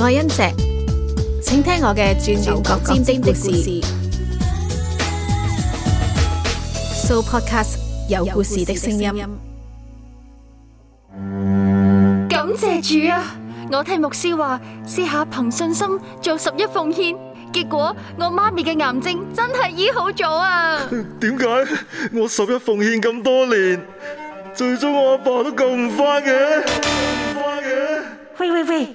我係恩石，請聽我嘅轉轉角尖尖的故事。So podcast 有故事的聲音。感謝主啊！我聽牧師話，試下憑信心做十一奉獻，結果我媽咪嘅癌症真係醫好咗啊！點解我十一奉獻咁多年，最終我阿爸都救唔翻？嘅救唔翻嘅？喂喂喂！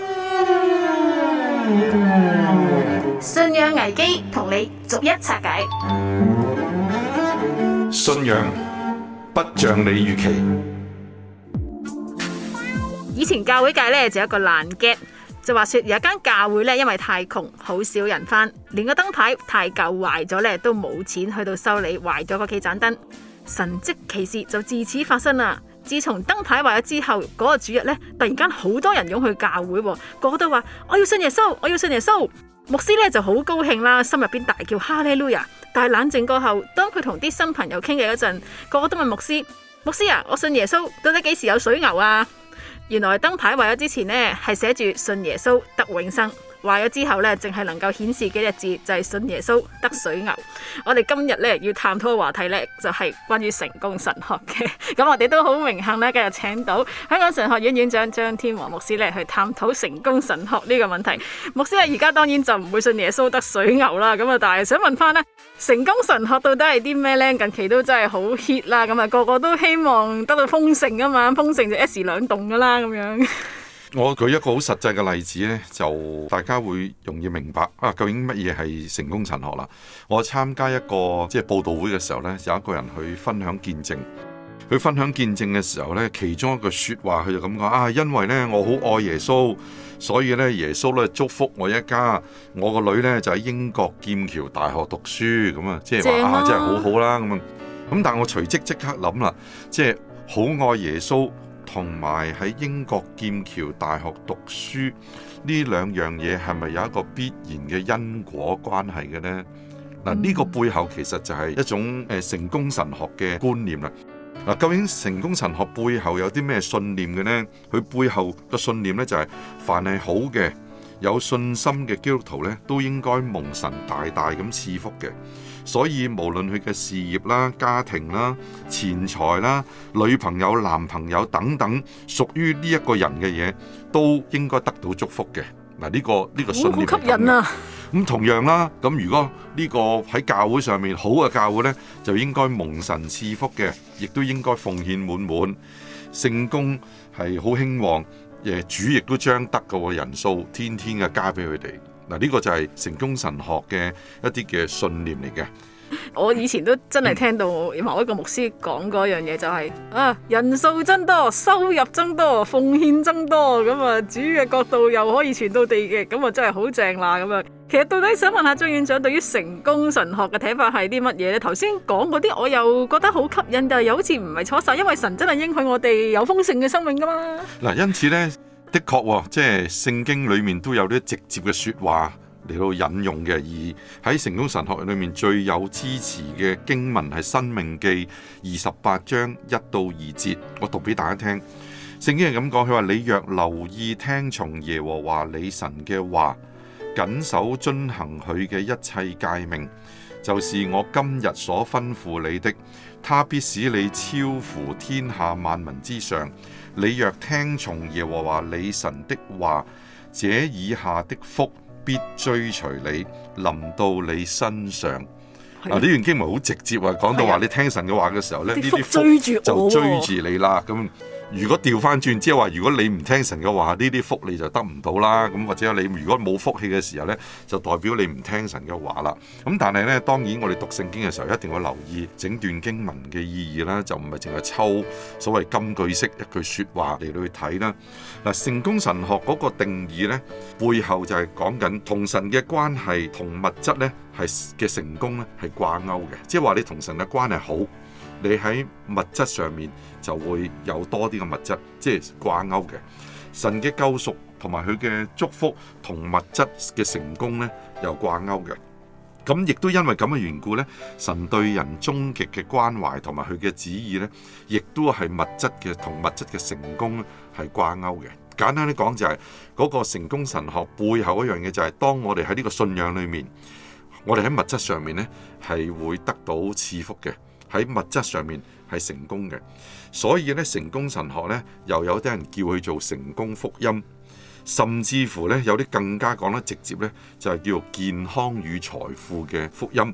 信仰危機同你逐一拆解。信仰不像你預期。以前教會界咧，就有一個爛 gag，就話說有一間教會咧，因為太窮，好少人返，連個燈牌太舊壞咗咧，都冇錢去到修理，壞咗幾盞燈，神跡奇事就自此發生啦。自從燈牌壞咗之後，嗰個主日咧，突然間好多人湧去教會，個個都話我要信耶穌，我要信耶穌。牧師咧就好高興啦，心入邊大叫哈利路亞。但係冷靜過後，當佢同啲新朋友傾偈嗰陣，個個都問牧師：牧師啊，我信耶穌，到底幾時有水牛啊？原來燈牌壞咗之前咧，係寫住信耶穌得永生。壞咗之後呢，淨係能夠顯示幾隻字，就係、是、信耶穌得水牛。我哋今日呢要探討嘅話題呢，就係、是、關於成功神學嘅。咁 我哋都好榮幸呢，今日請到香港神學院院長張天和牧師咧去探討成功神學呢個問題。牧師咧而家當然就唔會信耶穌得水牛啦。咁啊，但係想問翻呢，成功神學到底係啲咩呢？近期都真係好 hit 啦。咁啊，個個都希望得到豐盛啊嘛，豐盛就一時兩動噶啦，咁樣。我舉一個好實際嘅例子呢，就大家會容易明白啊！究竟乜嘢係成功神學啦？我參加一個即係、就是、佈道會嘅時候呢，有一個人去分享見證。佢分享見證嘅時候呢，其中一個説話說，佢就咁講啊：因為呢我好愛耶穌，所以呢耶穌呢祝福我一家。我個女呢就喺英國劍橋大學讀書，咁啊，啊，即係話啊，真係好好啦。咁咁，但係我隨即即刻諗啦，即係好愛耶穌。同埋喺英國劍橋大學讀書呢兩樣嘢係咪有一個必然嘅因果關係嘅呢？嗱、這、呢個背後其實就係一種誒成功神學嘅觀念啦。究竟成功神學背後有啲咩信念嘅呢？佢背後嘅信念呢，念就係、是、凡係好嘅有信心嘅基督徒呢，都應該蒙神大大咁賜福嘅。所以無論佢嘅事業啦、家庭啦、錢財啦、女朋友、男朋友等等，屬於呢一個人嘅嘢，都應該得到祝福嘅。嗱、這個，呢個呢個信念好、哦、吸引啊！咁同樣啦，咁如果呢個喺教會上面好嘅教會呢，就應該蒙神賜福嘅，亦都應該奉獻滿滿，聖工係好興旺。誒，主亦都將得救嘅人數天天嘅加俾佢哋。嗱，呢個就係成功神學嘅一啲嘅信念嚟嘅。我以前都真係聽到某一個牧師講嗰樣嘢，就係啊，人數增多，收入增多，奉獻增多，咁啊，主嘅角度又可以傳到地極，咁啊，真係好正喇咁啊。其實到底想問下張院長，對於成功神學嘅睇法係啲乜嘢咧？頭先講嗰啲我又覺得好吸引，但係又好似唔係錯晒，因為神真係應許我哋有豐盛嘅生命噶嘛。嗱，因此咧。的確喎，即係聖經裏面都有啲直接嘅說話嚟到引用嘅，而喺成功神學裏面最有支持嘅經文係《申命記》二十八章一到二節，我讀俾大家聽。聖經係咁講，佢話：你若留意聽從耶和華你神嘅話，謹守遵行佢嘅一切戒命，就是我今日所吩咐你的，他必使你超乎天下萬民之上。你若聽從耶和華你神的話，這以下的福必追隨你，臨到你身上。啊，呢段經文好直接啊，講到話你聽神嘅話嘅時候咧，呢啲、啊、福就追住你啦，咁。如果調翻轉，即係話，如果你唔聽神嘅話，呢啲福你就得唔到啦。咁或者你如果冇福氣嘅時候呢，就代表你唔聽神嘅話啦。咁但係呢，當然我哋讀聖經嘅時候一定要留意整段經文嘅意義啦，就唔係淨係抽所謂金句式一句説話嚟到去睇啦。嗱，成功神學嗰個定義呢，背後就係講緊同神嘅關係同物質呢，係嘅成功呢係掛鈎嘅，即係話你同神嘅關係好。你喺物質上面就會有多啲嘅物質，即係掛鈎嘅神嘅救贖同埋佢嘅祝福同物質嘅成功咧，又掛鈎嘅咁，亦都因為咁嘅緣故咧，神對人終極嘅關懷同埋佢嘅旨意咧，亦都係物質嘅同物質嘅成功係掛鈎嘅。簡單啲講就係嗰個成功神學背後一樣嘢，就係當我哋喺呢個信仰裏面，我哋喺物質上面咧係會得到賜福嘅。喺物質上面係成功嘅，所以咧成功神學咧又有啲人叫佢做成功福音，甚至乎咧有啲更加講得直接咧就係叫做健康與財富嘅福音。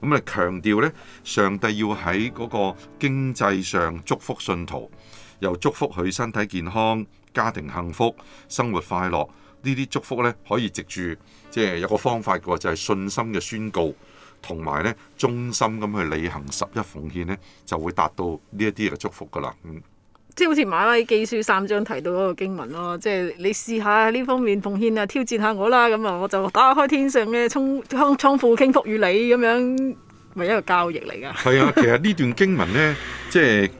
咁啊強調咧上帝要喺嗰個經濟上祝福信徒，又祝福佢身體健康、家庭幸福、生活快樂。呢啲祝福咧可以藉住即係有個方法嘅就係信心嘅宣告。同埋咧，衷心咁去履行十一奉獻咧，就會達到呢一啲嘅祝福噶啦。嗯，即係好似馬拉基書三章提到嗰個經文咯，即係你試下呢方面奉獻啊，挑戰下我啦，咁啊，我就打開天上嘅倉倉庫傾福與你咁樣，係一個交易嚟噶。係啊，其實呢段經文咧，即係。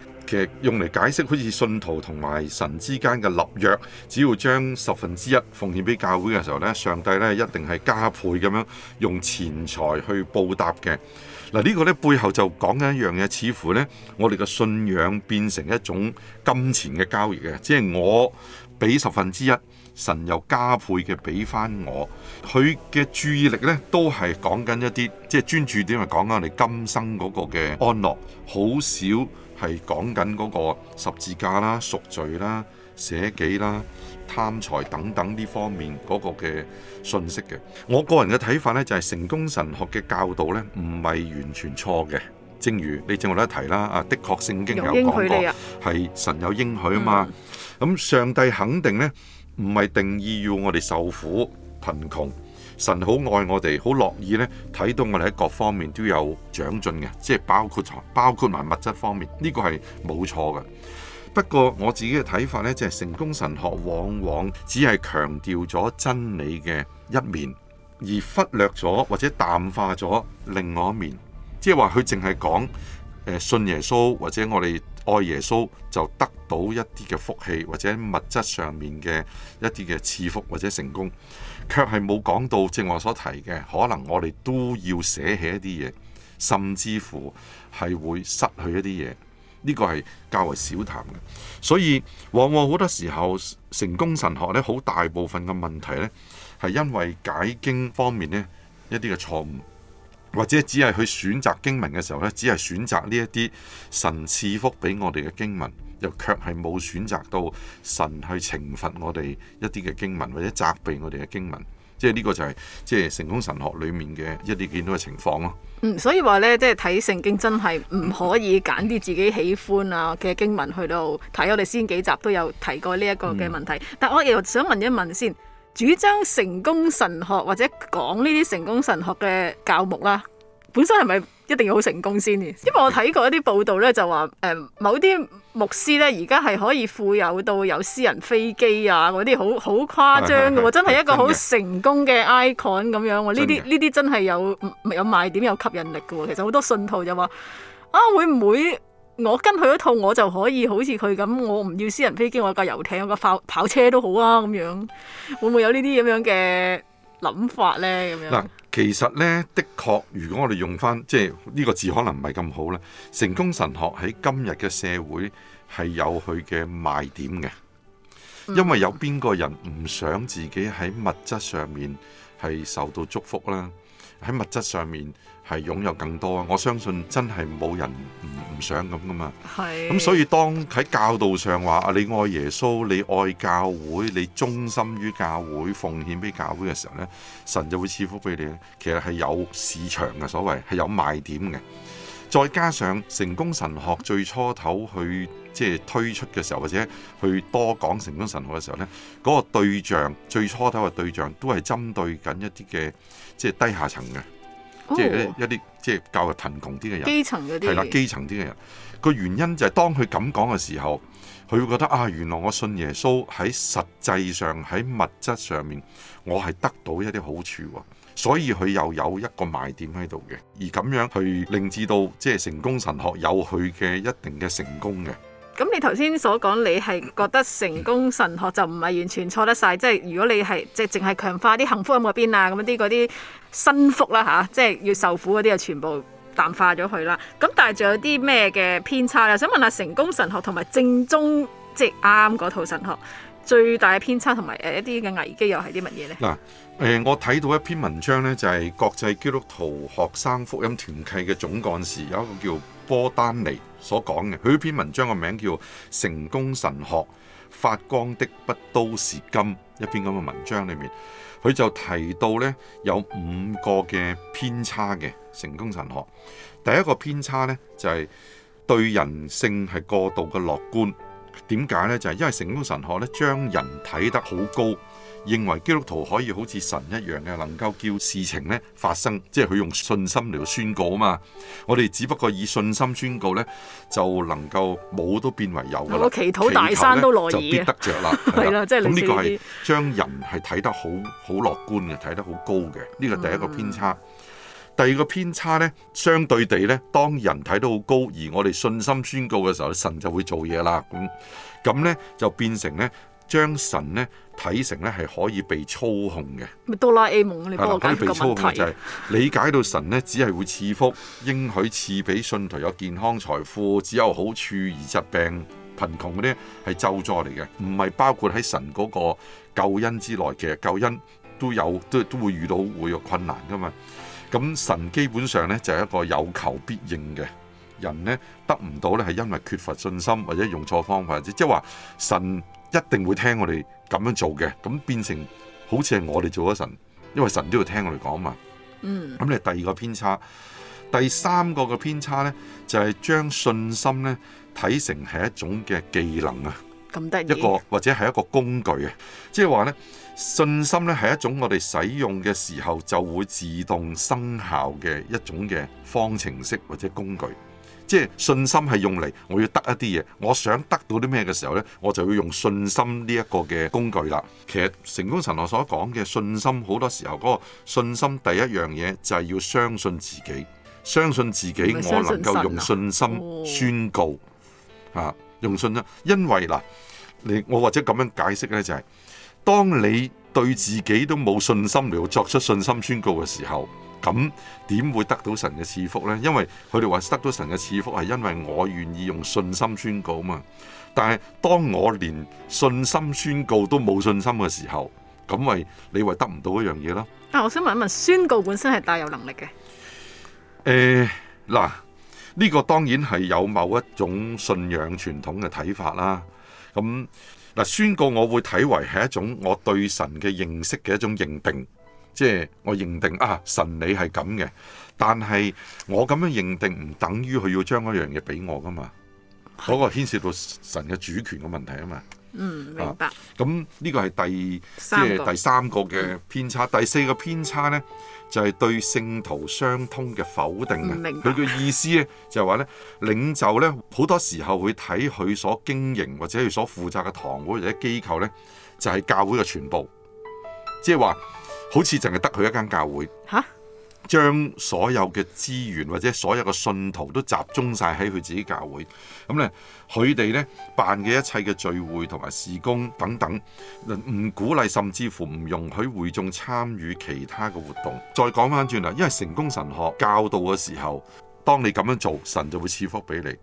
用嚟解釋好似信徒同埋神之間嘅立約，只要將十分之一奉獻俾教會嘅時候呢，上帝呢一定係加倍咁樣用錢財去報答嘅。嗱，呢個呢，背後就講緊一樣嘢，似乎呢，我哋嘅信仰變成一種金錢嘅交易嘅，即係我俾十分之一，神又加倍嘅俾返我。佢嘅注意力呢，都係講緊一啲即係專注點係講緊我哋今生嗰個嘅安樂，好少。係講緊嗰個十字架啦、贖罪啦、捨己啦、貪財等等呢方面嗰個嘅信息嘅。我個人嘅睇法呢，就係成功神學嘅教導呢，唔係完全錯嘅。正如你正話都提啦，啊的確聖經有講過，係神有應許啊嘛。咁上帝肯定呢，唔係定義要我哋受苦貧窮。神好愛我哋，好樂意咧睇到我哋喺各方面都有長進嘅，即係包括咗，包括埋物質方面呢個係冇錯嘅。不過我自己嘅睇法呢，就係成功神學往往只係強調咗真理嘅一面，而忽略咗或者淡化咗另外一面。即係話佢淨係講信耶穌或者我哋愛耶穌就得到一啲嘅福氣或者物質上面嘅一啲嘅賜福或者成功。卻係冇講到正話所提嘅，可能我哋都要寫起一啲嘢，甚至乎係會失去一啲嘢。呢個係較為少談嘅，所以往往好多時候成功神學呢好大部分嘅問題呢，係因為解經方面呢一啲嘅錯誤。或者只係去選擇經文嘅時候咧，只係選擇呢一啲神賜福俾我哋嘅經文，又卻係冇選擇到神去懲罰我哋一啲嘅經文，或者責備我哋嘅經文。即係呢個就係、是、即係成功神學裡面嘅一啲見到嘅情況咯、啊。嗯，所以話咧，即係睇聖經真係唔可以揀啲自己喜歡啊嘅經文去到睇。我哋先幾集都有提過呢一個嘅問題，嗯、但我又想問一問先。主張成功神學或者講呢啲成功神學嘅教牧啦，本身係咪一定要好成功先？因為我睇過一啲報道呢，就話誒，某啲牧師呢，而家係可以富有到有私人飛機啊，嗰啲好好誇張噶，很的是是是真係一個好成功嘅 icon 咁樣。呢啲呢啲真係有有賣點，有吸引力噶。其實好多信徒就話啊，會唔會？我跟佢一套，我就可以好似佢咁，我唔要私人飛機，我架遊艇，我個跑跑車都好啊咁樣，會唔會有呢啲咁樣嘅諗法呢？咁樣嗱，其實呢，的確，如果我哋用翻即係呢個字，可能唔係咁好啦。成功神學喺今日嘅社會係有佢嘅賣點嘅，因為有邊個人唔想自己喺物質上面係受到祝福啦。喺物質上面係擁有更多啊！我相信真係冇人唔唔想咁噶嘛。咁的所以當喺教導上話：你愛耶穌，你愛教會，你忠心於教會，奉獻俾教會嘅時候呢，神就會賜福俾你。其實係有市場嘅，所謂係有賣點嘅。再加上成功神學最初頭去即係推出嘅時候，或者去多講成功神學嘅時候，呢嗰個對象最初頭嘅對象都係針對緊一啲嘅即係低下層嘅，即係一啲即係較為貧窮啲嘅人，基層啲係啦，基層啲嘅人。個原因就係當佢咁講嘅時候，佢會覺得啊，原來我信耶穌喺實際上喺物質上面，我係得到一啲好處喎。所以佢又有一個賣點喺度嘅，而咁樣去令至到即係成功神學有佢嘅一定嘅成功嘅。咁你頭先所講，你係覺得成功神學就唔係完全錯得晒？嗯、即係如果你係即係淨係強化啲幸福喺邊那些那些身啊，咁啲嗰啲新福啦吓，即係要受苦嗰啲啊，全部淡化咗佢啦。咁但係仲有啲咩嘅偏差咧？我想問下成功神學同埋正宗即係啱嗰套神學。最大嘅偏差同埋誒一啲嘅危機又係啲乜嘢呢？嗱，誒、呃，我睇到一篇文章呢，就係、是、國際基督徒學生福音團契嘅總幹事，有一個叫波丹尼所講嘅。佢篇文章個名叫《成功神學：發光的不都是金》，一篇咁嘅文章裏面，佢就提到呢，有五個嘅偏差嘅成功神學。第一個偏差呢，就係、是、對人性係過度嘅樂觀。點解呢？就係、是、因為成功神學呢，將人睇得好高，認為基督徒可以好似神一樣嘅，能夠叫事情呢發生，即係佢用信心嚟到宣告啊嘛。我哋只不過以信心宣告呢，就能夠冇都變為有。我祈禱大山都來矣。就必得着啦。咁呢個係將人係睇得好好樂觀嘅，睇得好高嘅。呢、呢個第一個偏差。嗯第二個偏差咧，相對地咧，當人睇到好高，而我哋信心宣告嘅時候，神就會做嘢啦。咁咁咧就變成咧，將神咧睇成咧係可以被操控嘅。咪哆啦 A 夢。你幫我解決個問題。就係、 理解到神咧，只係會賜福，應許賜俾信徒有健康、財富，只有好處，而疾病、貧窮嗰啲係咒詛嚟嘅，唔係包括喺神嗰個救恩之內嘅。其實救恩都有都都會遇到會有困難噶嘛。咁神基本上咧就係、是、一個有求必應嘅人咧，得唔到咧係因為缺乏信心或者用錯方法，即係話神一定會聽我哋咁樣做嘅，咁變成好似係我哋做咗神，因為神都要聽我哋講嘛。嗯，咁你第二個偏差，第三個嘅偏差咧就係、是、將信心咧睇成係一種嘅技能啊，一個或者係一個工具啊，即係話咧。信心咧係一種我哋使用嘅時候就會自動生效嘅一種嘅方程式或者工具，即係信心係用嚟我要得一啲嘢，我想得到啲咩嘅時候呢，我就要用信心呢一個嘅工具啦。其實成功神學所講嘅信心好多時候，嗰個信心第一樣嘢就係要相信自己，相信自己是是信、啊、我能夠用信心宣告啊、哦，用信心，因為嗱，你我或者咁樣解釋呢，就係、是。當你對自己都冇信心嚟，作出信心宣告嘅時候，咁點會得到神嘅賜福呢？因為佢哋話得到神嘅賜福係因為我願意用信心宣告嘛。但係當我連信心宣告都冇信心嘅時候，咁咪你話得唔到一樣嘢咯？但係我想問一問，宣告本身係大有能力嘅？誒，嗱，呢個當然係有某一種信仰傳統嘅睇法啦。咁嗱，宣告，我會睇為係一種我對神嘅認識嘅一種認定，即係我認定啊神，你係咁嘅，但係我咁樣認定唔等於佢要將嗰樣嘢俾我噶嘛，嗰個牽涉到神嘅主權嘅問題啊嘛，嗯，明白，咁呢個係第即係第三個嘅偏差，第四個偏差咧。就係對聖徒相通嘅否定。佢嘅意思咧就係話咧，領袖咧好多時候會睇佢所經營或者佢所負責嘅堂會或者機構咧，就係教會嘅全部，即係話好似淨係得佢一間教會嚇。將所有嘅資源或者所有嘅信徒都集中晒喺佢自己教會呢，咁咧佢哋呢辦嘅一切嘅聚會同埋事工等等，唔鼓勵甚至乎唔容許會眾參與其他嘅活動。再講翻轉啦，因為成功神學教導嘅時候，當你咁樣做，神就會賜福俾你。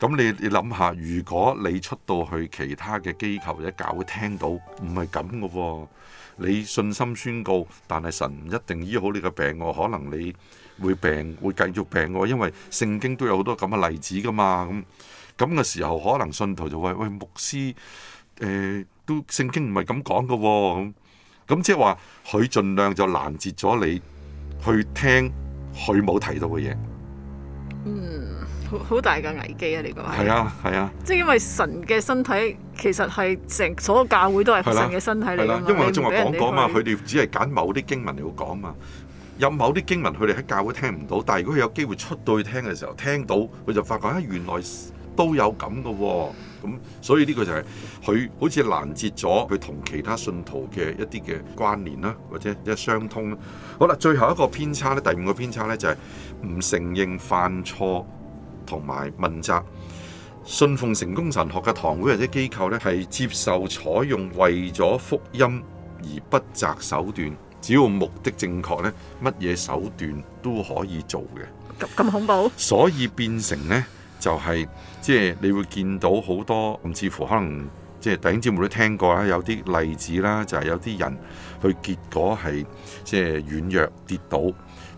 咁你你諗下，如果你出到去其他嘅機構或者，教會聽到唔係咁嘅喎。你信心宣告，但係神唔一定醫好你嘅病喎，可能你會病，會繼續病喎，因為聖經都有好多咁嘅例子㗎嘛，咁咁嘅時候可能信徒就話，喂，牧師，誒都聖經唔係咁講嘅，咁咁即係話佢盡量就攔截咗你去聽佢冇提到嘅嘢。好大嘅危機啊！呢個係啊係啊，即係、啊、因為神嘅身體其實係成所有教會都係神嘅身體嚟噶、啊啊、因為我仲話講講嘛，佢哋只係揀某啲經文嚟講嘛。有某啲經文佢哋喺教會聽唔到，但係如果佢有機會出到去聽嘅時候，聽到佢就發覺啊，原來都有咁嘅喎。咁所以呢個就係、是、佢好似攔截咗佢同其他信徒嘅一啲嘅關聯啦、啊，或者即係相通啦、啊。好啦，最後一個偏差咧，第五個偏差咧就係、是、唔承認犯錯。同埋問責。信奉成功神學嘅堂會或者機構呢，係接受採用為咗福音而不擇手段，只要目的正確呢乜嘢手段都可以做嘅。咁恐怖，所以變成呢就係即係你會見到好多，甚至乎可能即係電視節目都聽過啦，有啲例子啦，就係有啲人佢結果係即係軟弱跌倒，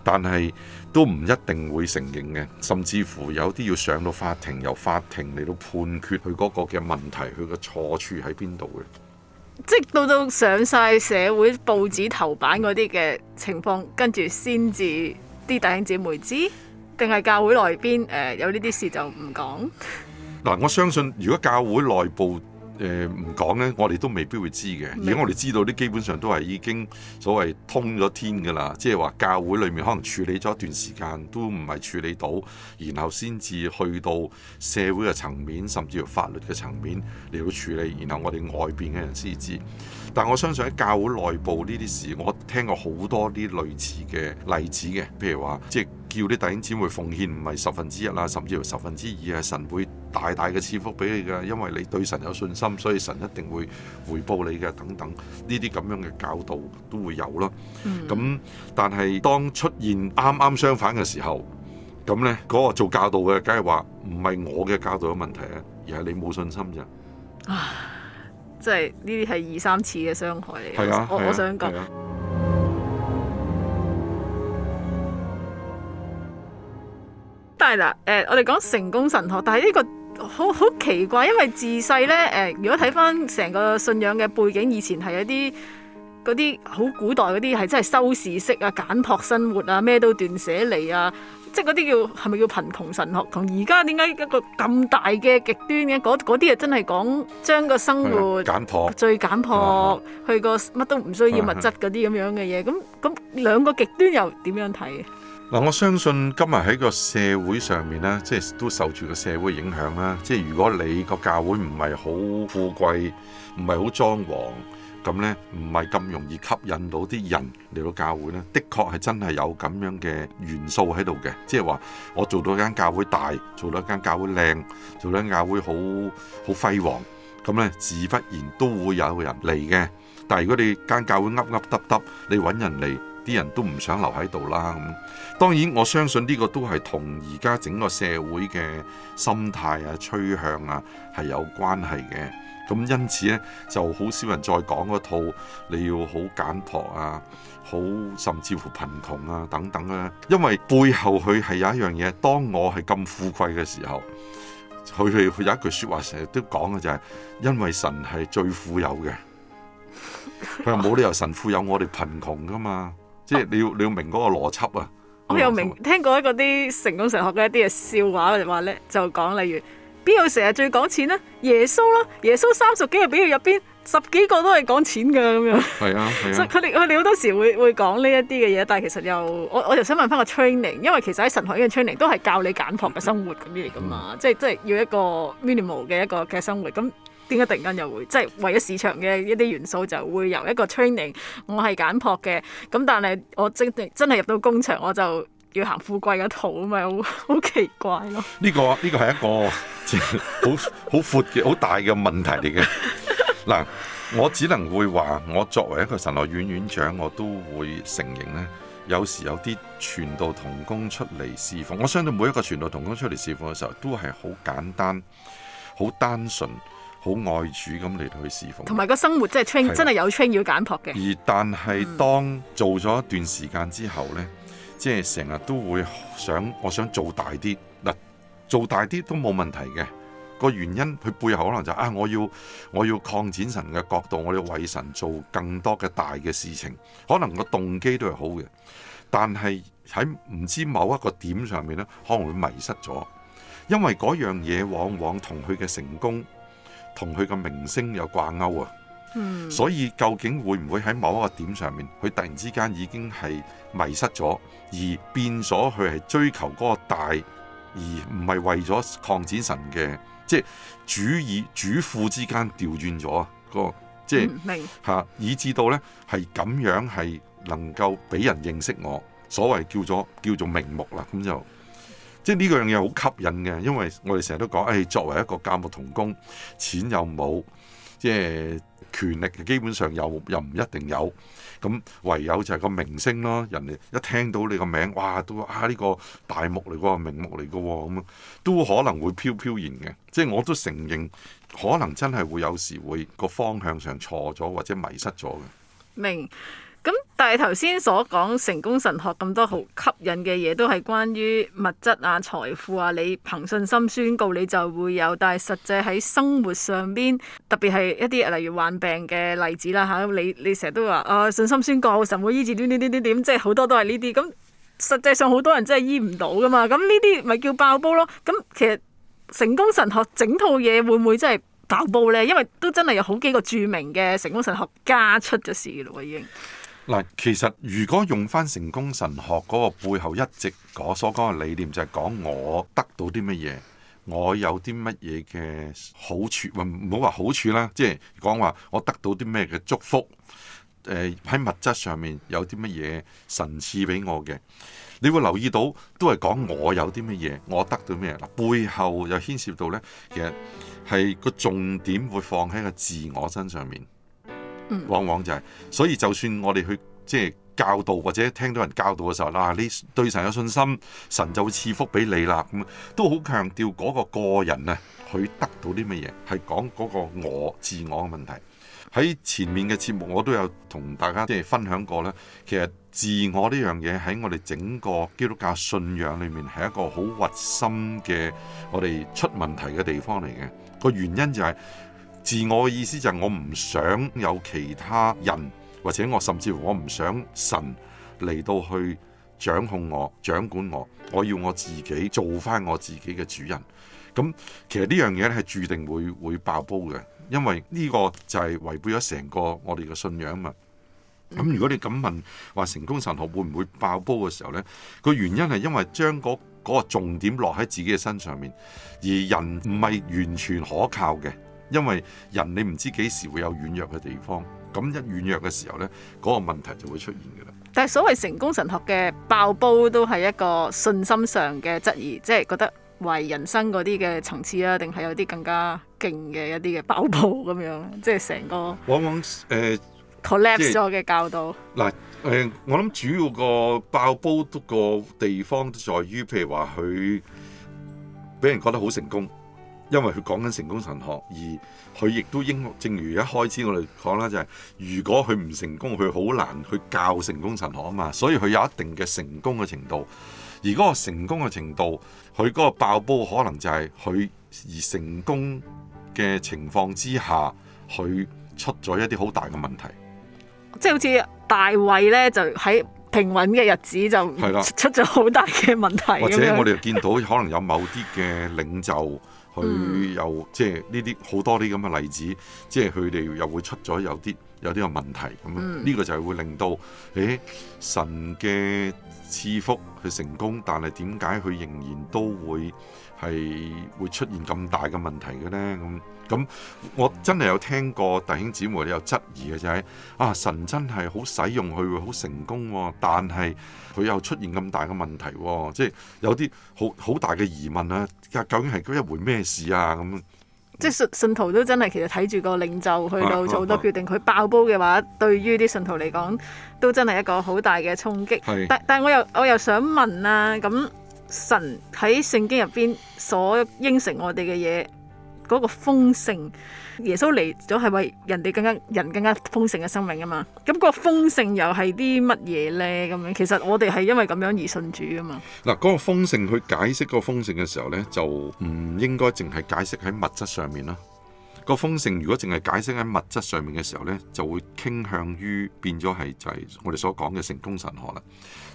但係。都唔一定會承認嘅，甚至乎有啲要上到法庭，由法庭嚟到判決佢嗰個嘅問題，佢個錯處喺邊度嘅。即係到到上晒社會報紙頭版嗰啲嘅情況，跟住先至啲弟兄姐妹知，定係教會內邊誒有呢啲事就唔講。嗱，我相信如果教會內部。誒唔講呢，我哋都未必會知嘅。而家我哋知道啲，基本上都係已經所謂通咗天㗎啦。即係話教會裏面可能處理咗一段時間都唔係處理到，然後先至去到社會嘅層面，甚至乎法律嘅層面嚟到處理。然後我哋外邊嘅人先知。但我相信喺教會內部呢啲事，我聽過好多啲類似嘅例子嘅。譬如話，即係叫啲弟兄姊妹奉獻唔係十分之一啦，甚至乎十分之二，係神會，大大嘅賜福俾你噶，因為你對神有信心，所以神一定會回報你嘅。等等呢啲咁樣嘅教導都會有咯。咁、嗯、但係當出現啱啱相反嘅時候，咁呢嗰、嗰個做教導嘅，梗係話唔係我嘅教導有問題啊，而係你冇信心咋。啊，即係呢啲係二三次嘅傷害嚟。係啊，我啊我想講、啊。啊、但係嗱，誒、呃，我哋講成功神學，但係呢、呢個。好好奇怪，因為自細咧誒，如果睇翻成個信仰嘅背景，以前係有啲嗰啲好古代嗰啲，係真係修士式啊、簡樸生活啊、咩都斷捨離啊，即係嗰啲叫係咪叫貧窮神學，同而家點解一個咁大嘅極端嘅嗰啲啊，嗰嗰啲係真係講將個生活簡樸最簡樸，簡樸去個乜都唔需要物質嗰啲咁樣嘅嘢，咁咁、嗯嗯嗯、兩個極端又點樣睇？嗱，我相信今日喺個社會上面呢，即係都受住個社會影響啦。即係如果你個教會唔係好富貴，唔係好裝潢，咁呢唔係咁容易吸引到啲人嚟到教會呢，的確係真係有咁樣嘅元素喺度嘅，即係話我做到間教會大，做到間教會靚，做到間教會好好輝煌，咁呢自不然都會有人嚟嘅。但係如果你間教會噏噏耷耷，你揾人嚟。啲人都唔想留喺度啦咁，當然我相信呢個都係同而家整個社會嘅心態啊、趨向啊係有關係嘅。咁因此呢，就好少人再講嗰套你要好簡樸啊、好甚至乎貧窮啊等等啦、啊。因為背後佢係有一樣嘢，當我係咁富貴嘅時候，佢哋有一句説話成日都講嘅就係：因為神係最富有嘅，佢話冇理由神富有我哋貧窮噶嘛。即係你要你要明嗰個邏輯啊！我又明聽過嗰啲成功神學嘅一啲嘅笑話話咧，就講例如邊個成日最講錢咧？耶穌啦，耶穌三十幾日俾佢入邊十幾個都係講錢㗎咁樣。係啊，係啊。所以佢哋佢哋好多時會會講呢一啲嘅嘢，但係其實又我我就想問翻個 training，因為其實喺神學嘅 training 都係教你簡樸嘅生活咁啲嚟㗎嘛，嗯、即係即係要一個 minimal 嘅一個嘅生活咁。點解突然間又會？即、就、係、是、為咗市場嘅一啲元素，就會由一個 training，我係簡朴嘅。咁但係我真正真係入到工場，我就要行富貴嘅途，咪好好奇怪咯。呢、這個呢、這個係一個好好闊嘅、好 大嘅問題嚟嘅。嗱，我只能會話，我作為一個神學院院長，我都會承認呢，有時有啲傳道同工出嚟侍奉，我相信每一個傳道同工出嚟侍奉嘅時候，都係好簡單、好單純。好愛主咁嚟到去侍奉，同埋個生活即係 train，真係 tra 是的 有 train 要簡樸嘅。而但係當做咗一段時間之後呢，即係成日都會想我想做大啲嗱，做大啲都冇問題嘅。個原因佢背後可能就啊，我要我要擴展神嘅角度，我要為神做更多嘅大嘅事情，可能個動機都係好嘅。但係喺唔知某一個點上面呢，可能會迷失咗，因為嗰樣嘢往往同佢嘅成功。同佢個名聲有掛鈎啊，所以究竟會唔會喺某一個點上面，佢突然之間已經係迷失咗，而變咗佢係追求嗰個大，而唔係為咗擴展神嘅，即係主與主父之間調轉咗啊，個即係嚇，以至到呢係咁樣係能夠俾人認識我，所謂叫做叫做明目啦咁就。即呢個樣嘢好吸引嘅，因為我哋成日都講、哎，誒作為一個教牧同工，錢又冇，即係權力基本上又又唔一定有，咁唯有就係個名聲咯。人哋一聽到你個名，哇都啊呢、呢個大牧嚟喎，名牧嚟嘅喎，咁都可能會飄飄然嘅。即係我都承認，可能真係會有時會個方向上錯咗，或者迷失咗嘅。明。咁但係頭先所講成功神學咁多好吸引嘅嘢，都係關於物質啊、財富啊，你憑信心宣告你就會有。但係實際喺生活上邊，特別係一啲例如患病嘅例子啦，吓你你成日都話啊、哦、信心宣告神會醫治，點點點點點，即係好多都係呢啲。咁實際上好多人真係醫唔到噶嘛。咁呢啲咪叫爆煲咯。咁其實成功神學整套嘢會唔會真係爆煲咧？因為都真係有好幾個著名嘅成功神學家出咗事咯，已經。嗱，其實如果用翻成功神學嗰個背後一直我所講嘅理念，就係講我得到啲乜嘢，我有啲乜嘢嘅好處，唔好話好處啦，即係講話我得到啲咩嘅祝福，誒、呃、喺物質上面有啲乜嘢神賜俾我嘅，你會留意到都係講我有啲乜嘢，我得到咩？嗱，背後又牽涉到呢，其實係個重點會放喺個自我身上面。往往就係，所以就算我哋去即係教導或者聽到人教導嘅時候，啊，嗱，你對神有信心，神就會賜福俾你啦。咁都好強調嗰個個人呢，佢得到啲乜嘢係講嗰個我自我嘅問題。喺前面嘅節目我都有同大家即係分享過呢，其實自我呢樣嘢喺我哋整個基督教信仰裏面係一個好核心嘅我哋出問題嘅地方嚟嘅。個原因就係、是。自我嘅意思就係我唔想有其他人，或者我甚至乎我唔想神嚟到去掌控我、掌管我。我要我自己做返我自己嘅主人。咁其實呢樣嘢係注定會會爆煲嘅，因為呢個就係違背咗成個我哋嘅信仰嘛。咁如果你咁問話成功神學會唔會爆煲嘅時候呢，個原因係因為將嗰個重點落喺自己嘅身上面，而人唔係完全可靠嘅。因為人你唔知幾時會有軟弱嘅地方，咁一軟弱嘅時候呢，嗰、嗰個問題就會出現嘅啦。但係所謂成功神學嘅爆煲都係一個信心上嘅質疑，即係覺得為人生嗰啲嘅層次啊，定係有啲更加勁嘅一啲嘅爆煲咁樣，即係成個往往誒 collapse 咗嘅教導。嗱誒、呃，我諗主要個爆煲個地方都在於，譬如話佢俾人覺得好成功。因為佢講緊成功神學，而佢亦都應正如一開始我哋講啦，就係如果佢唔成功，佢好難去教成功神學嘛。所以佢有一定嘅成功嘅程度。而嗰個成功嘅程度，佢嗰個爆煲可能就係佢而成功嘅情況之下，佢出咗一啲好大嘅問題。即係好似大衛呢，就喺平穩嘅日子就出咗好大嘅問題。或者我哋又見到可能有某啲嘅領袖。佢又、嗯、即係呢啲好多啲咁嘅例子，即係佢哋又會出咗有啲有啲個問題咁呢、嗯、個就係會令到誒神嘅賜福佢成功，但係點解佢仍然都會？係會出現咁大嘅問題嘅咧，咁咁我真係有聽過弟兄姊妹你有質疑嘅啫、就係，啊神真係好使用佢，會好成功，啊，但係佢又出現咁大嘅問題，啊，即係有啲好好大嘅疑問啊！究竟係佢一回咩事啊？咁即係信徒都真係其實睇住個領袖去做到做好多決定，佢、啊啊啊、爆煲嘅話，對於啲信徒嚟講都真係一個好大嘅衝擊。但但係我又我又想問啊，咁。神喺聖經入邊所應承我哋嘅嘢，嗰個豐盛，耶穌嚟咗係為人哋更加人更加豐盛嘅生命啊嘛。咁個豐盛又係啲乜嘢呢？咁樣其實我哋係因為咁樣而信主啊嘛。嗱，嗰個豐盛去解釋個豐盛嘅時候呢，就唔應該淨係解釋喺物質上面啦。個豐盛如果淨係解釋喺物質上面嘅時候呢，就會傾向於變咗係就係我哋所講嘅成功神學啦。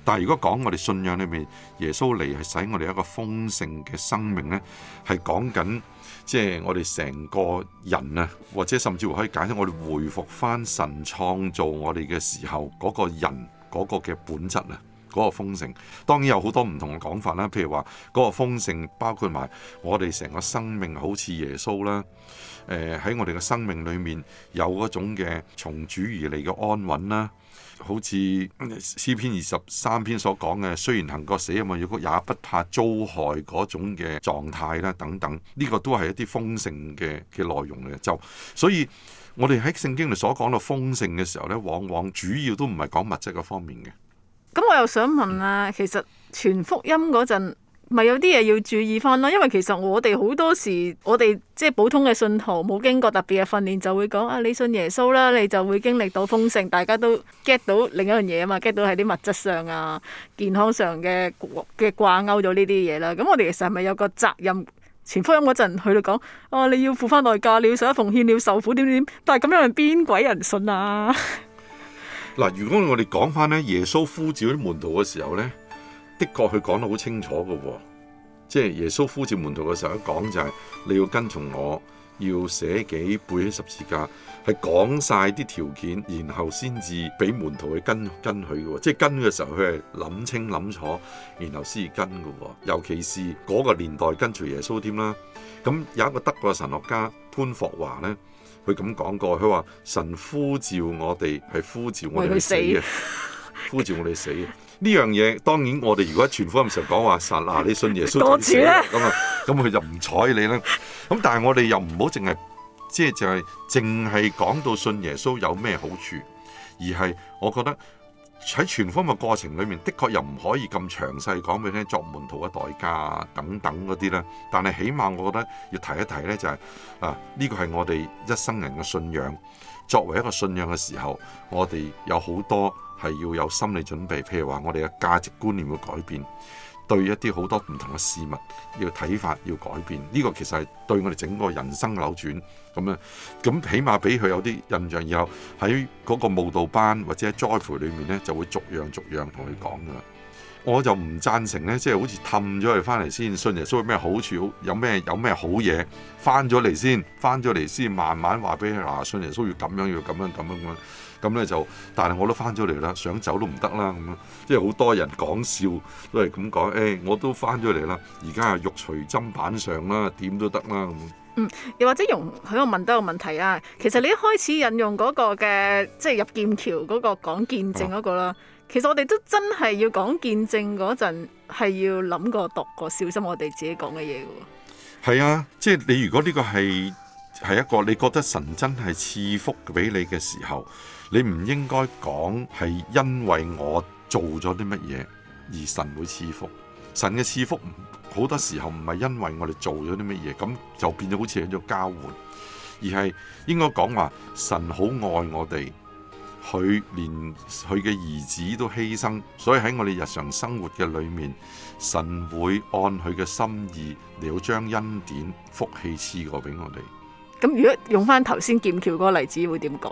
但係如果講我哋信仰裏面耶穌嚟係使我哋一個豐盛嘅生命呢，係講緊即係我哋成個人啊，或者甚至乎可以解釋我哋回復翻神創造我哋嘅時候嗰個人嗰個嘅本質啊，嗰個豐盛。當然有好多唔同嘅講法啦，譬如話嗰個豐盛包括埋我哋成個生命好似耶穌啦，誒喺我哋嘅生命裏面有嗰種嘅從主而嚟嘅安穩啦。好似詩篇二十三篇所講嘅，雖然行過死蔭嘅幽谷，也不怕遭害，嗰種嘅狀態啦，等等，呢個都係一啲豐盛嘅嘅內容嚟嘅。就所以，我哋喺聖經裏所講到豐盛嘅時候呢，往往主要都唔係講物質嗰方面嘅。咁我又想問啊，嗯、其實全福音嗰陣。咪有啲嘢要注意翻咯，因為其實我哋好多時，我哋即係普通嘅信徒，冇經過特別嘅訓練，就會講啊，你信耶穌啦，你就會經歷到豐盛。大家都 get 到另一樣嘢啊嘛，get 到喺啲物質上啊、健康上嘅嘅掛鈎咗呢啲嘢啦。咁我哋其實係咪有個責任？前福音嗰陣去到講，哦、啊，你要付翻代價，你要上奉獻，你要受苦，點點點。但係咁樣係邊鬼人信啊？嗱， 如果我哋講翻咧，耶穌呼召啲門徒嘅時候咧。的確佢講得好清楚嘅喎、哦，即係耶穌呼召門徒嘅時候一講就係、是、你要跟從我，要捨己背起十字架，係講晒啲條件，然後先至俾門徒跟跟去、哦、跟跟佢嘅喎。即係跟嘅時候，佢係諗清諗楚，然後先至跟嘅喎、哦。尤其是嗰個年代跟隨耶穌添啦。咁有一個德國嘅神學家潘霍華呢，佢咁講過，佢話神呼召我哋係呼召我哋去死嘅。 呼住我哋死呢樣嘢。當然我哋如果喺傳福音嘅時候講話神啊，你信耶穌多啲咧咁啊，咁佢就唔睬你啦。咁但係我哋又唔好淨係，即係就係淨係講到信耶穌有咩好處，而係我覺得喺傳福音嘅過程裏面，的確又唔可以咁詳細講俾你聽作門徒嘅代價啊等等嗰啲啦。但係起碼我覺得要提一提咧、就係，就係啊呢、呢個係我哋一生人嘅信仰。作為一個信仰嘅時候，我哋有好多。係要有心理準備，譬如話我哋嘅價值觀念會改變，對一啲好多唔同嘅事物要睇法要改變，呢個其實係對我哋整個人生嘅扭轉咁啊！咁起碼俾佢有啲印象，以後喺嗰個舞蹈班或者喺栽培裏面呢，就會逐樣逐樣同佢講㗎。我就唔贊成咧，即係好似氹咗佢翻嚟先，信耶穌有咩好處，有咩有咩好嘢，翻咗嚟先，翻咗嚟先，慢慢話俾佢啊，信耶穌要咁樣要咁樣咁樣咁樣，咁咧就，但係我都翻咗嚟啦，想走都唔得啦咁啊，即係好多人講笑都係咁講，誒、哎，我都翻咗嚟啦，而家啊肉隨砧板上啦，點都得啦咁。嗯，又或者用，喺度問多個問題啊，其實你一開始引用嗰個嘅，即係入劍橋嗰個講見證嗰個啦。啊。其實我哋都真係要講見證嗰陣，係要諗過、讀過、小心我哋自己講嘅嘢嘅。係啊，即係你如果呢個係係一個你覺得神真係賜福俾你嘅時候，你唔應該講係因為我做咗啲乜嘢而神會賜福。神嘅賜福好多時候唔係因為我哋做咗啲乜嘢，咁就變咗好似喺度交換，而係應該講話神好愛我哋。佢連佢嘅兒子都犧牲，所以喺我哋日常生活嘅裏面，神會按佢嘅心意嚟到將恩典福氣賜過俾我哋。咁如果用翻頭先劍橋嗰個例子會點講？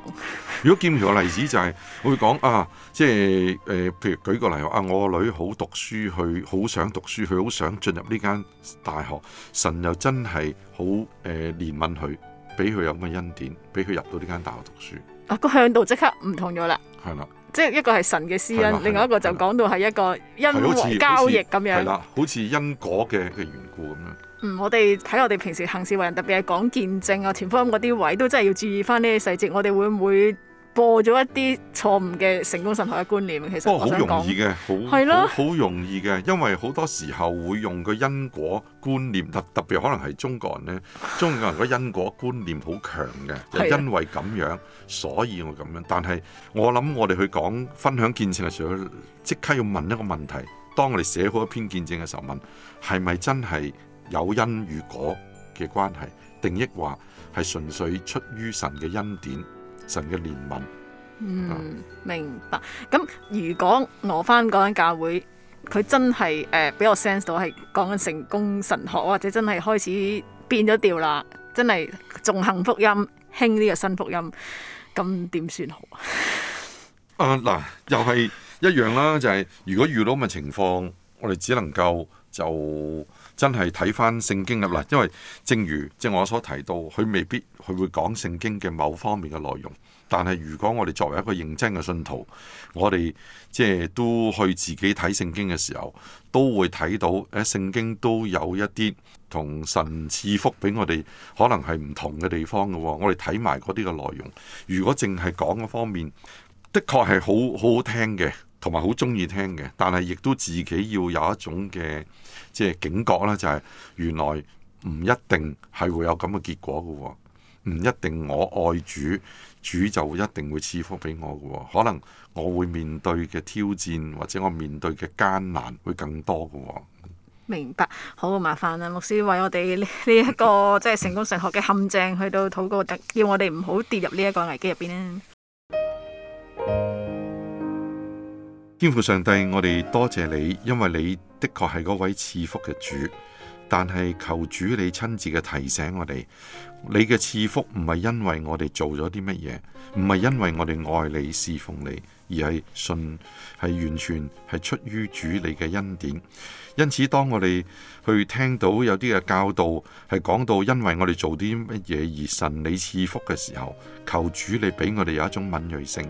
如果劍橋例子就係會講啊，即係誒，譬如舉個例話啊，我個女好讀書，去好想讀書，佢好想進入呢間大學，神又真係好誒憐憫佢，俾佢有咁嘅恩典，俾佢入到呢間大學讀書。啊！那個向度即刻唔同咗啦，係啦，即係一個係神嘅私恩，另外一個就講到係一個因交易咁樣，係啦，好似因果嘅嘅緣故咁樣。嗯，我哋睇我哋平時行事為人，特別係講見證啊，前方嗰啲位都真係要注意翻呢啲細節，我哋會唔會？播咗一啲錯誤嘅成功神學嘅觀念，其實好容易嘅，好容易嘅，因為好多時候會用個因果觀念，特特別可能係中國人呢，中國人個因果觀念好強嘅， 因為咁樣，所以我咁樣。的但係我諗我哋去講分享見證嘅時候，即刻要問一個問題：當我哋寫好一篇見證嘅時候問，問係咪真係有因與果嘅關係？定抑話係純粹出於神嘅恩典？神嘅憐憫，嗯，明白。咁如果挪翻講緊教會，佢真係誒俾我 sense 到係講緊成功神學，或者真係開始變咗調啦，真係重幸福音，輕呢個新福音，咁點算好？啊嗱，又係一樣啦，就係、是、如果遇到咁嘅情況，我哋只能夠就。真係睇翻聖經入啦，因為正如即我所提到，佢未必佢會講聖經嘅某方面嘅內容。但係如果我哋作為一個認真嘅信徒，我哋即係都去自己睇聖經嘅時候，都會睇到喺聖經都有一啲同神賜福俾我哋可能係唔同嘅地方嘅。我哋睇埋嗰啲嘅內容，如果淨係講嗰方面，的確係好好好聽嘅。同埋好中意聽嘅，但係亦都自己要有一種嘅即係警覺啦，就係、是、原來唔一定係會有咁嘅結果嘅喎，唔一定我愛主，主就一定會賜福俾我嘅喎，可能我會面對嘅挑戰或者我面對嘅艱難會更多嘅喎。明白，好麻煩啦，牧師為我哋呢一個即係、就是、成功神學嘅陷阱去到禱告吓，我要我哋唔好跌入呢一個危機入邊啊！天父上帝，我哋多謝你，因為你的確係嗰位賜福嘅主。但係求主你親自嘅提醒我哋，你嘅賜福唔係因為我哋做咗啲乜嘢，唔係因為我哋愛你侍奉你，而係信係完全係出於主你嘅恩典。因此，當我哋去聽到有啲嘅教導係講到因為我哋做啲乜嘢而神你賜福嘅時候，求主你俾我哋有一種敏銳性。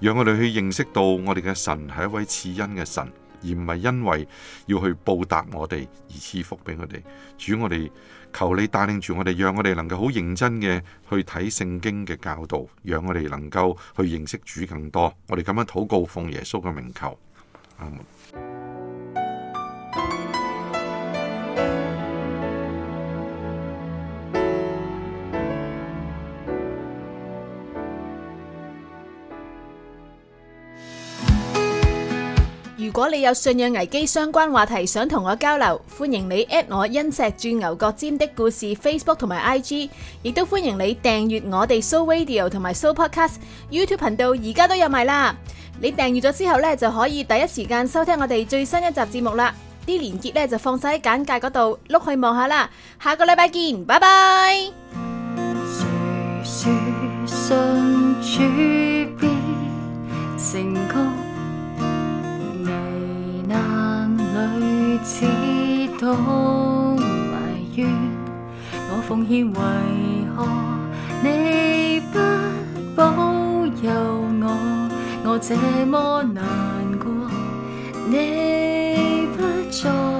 讓我哋去認識到我哋嘅神係一位賜恩嘅神，而唔係因為要去報答我哋而賜福俾我哋。主，我哋求你帶領住我哋，讓我哋能夠好認真嘅去睇聖經嘅教導，讓我哋能夠去認識主更多。我哋咁樣禱告，奉耶穌嘅名求。如果你有信仰危機相關話題想同我交流，歡迎你 at 我因石鑽牛角尖的故事 Facebook 同埋 IG，亦都歡迎你訂閱我哋 Show Radio 同埋 Show Podcast YouTube 頻道，而家都有埋啦。你訂閱咗之後呢，就可以第一時間收聽我哋最新一集節目啦。啲連結呢就放晒喺簡介嗰度，碌去望下啦。下個禮拜見，拜拜。直到埋怨我奉獻，為何你不保佑我？我這麼難過，你不在。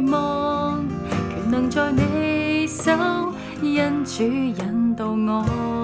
全能在你手，因主引導我。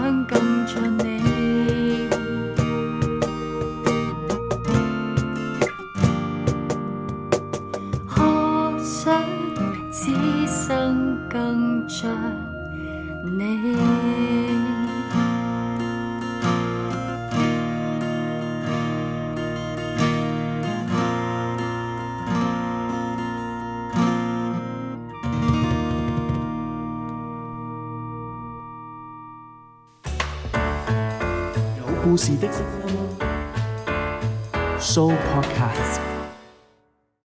想跟着你。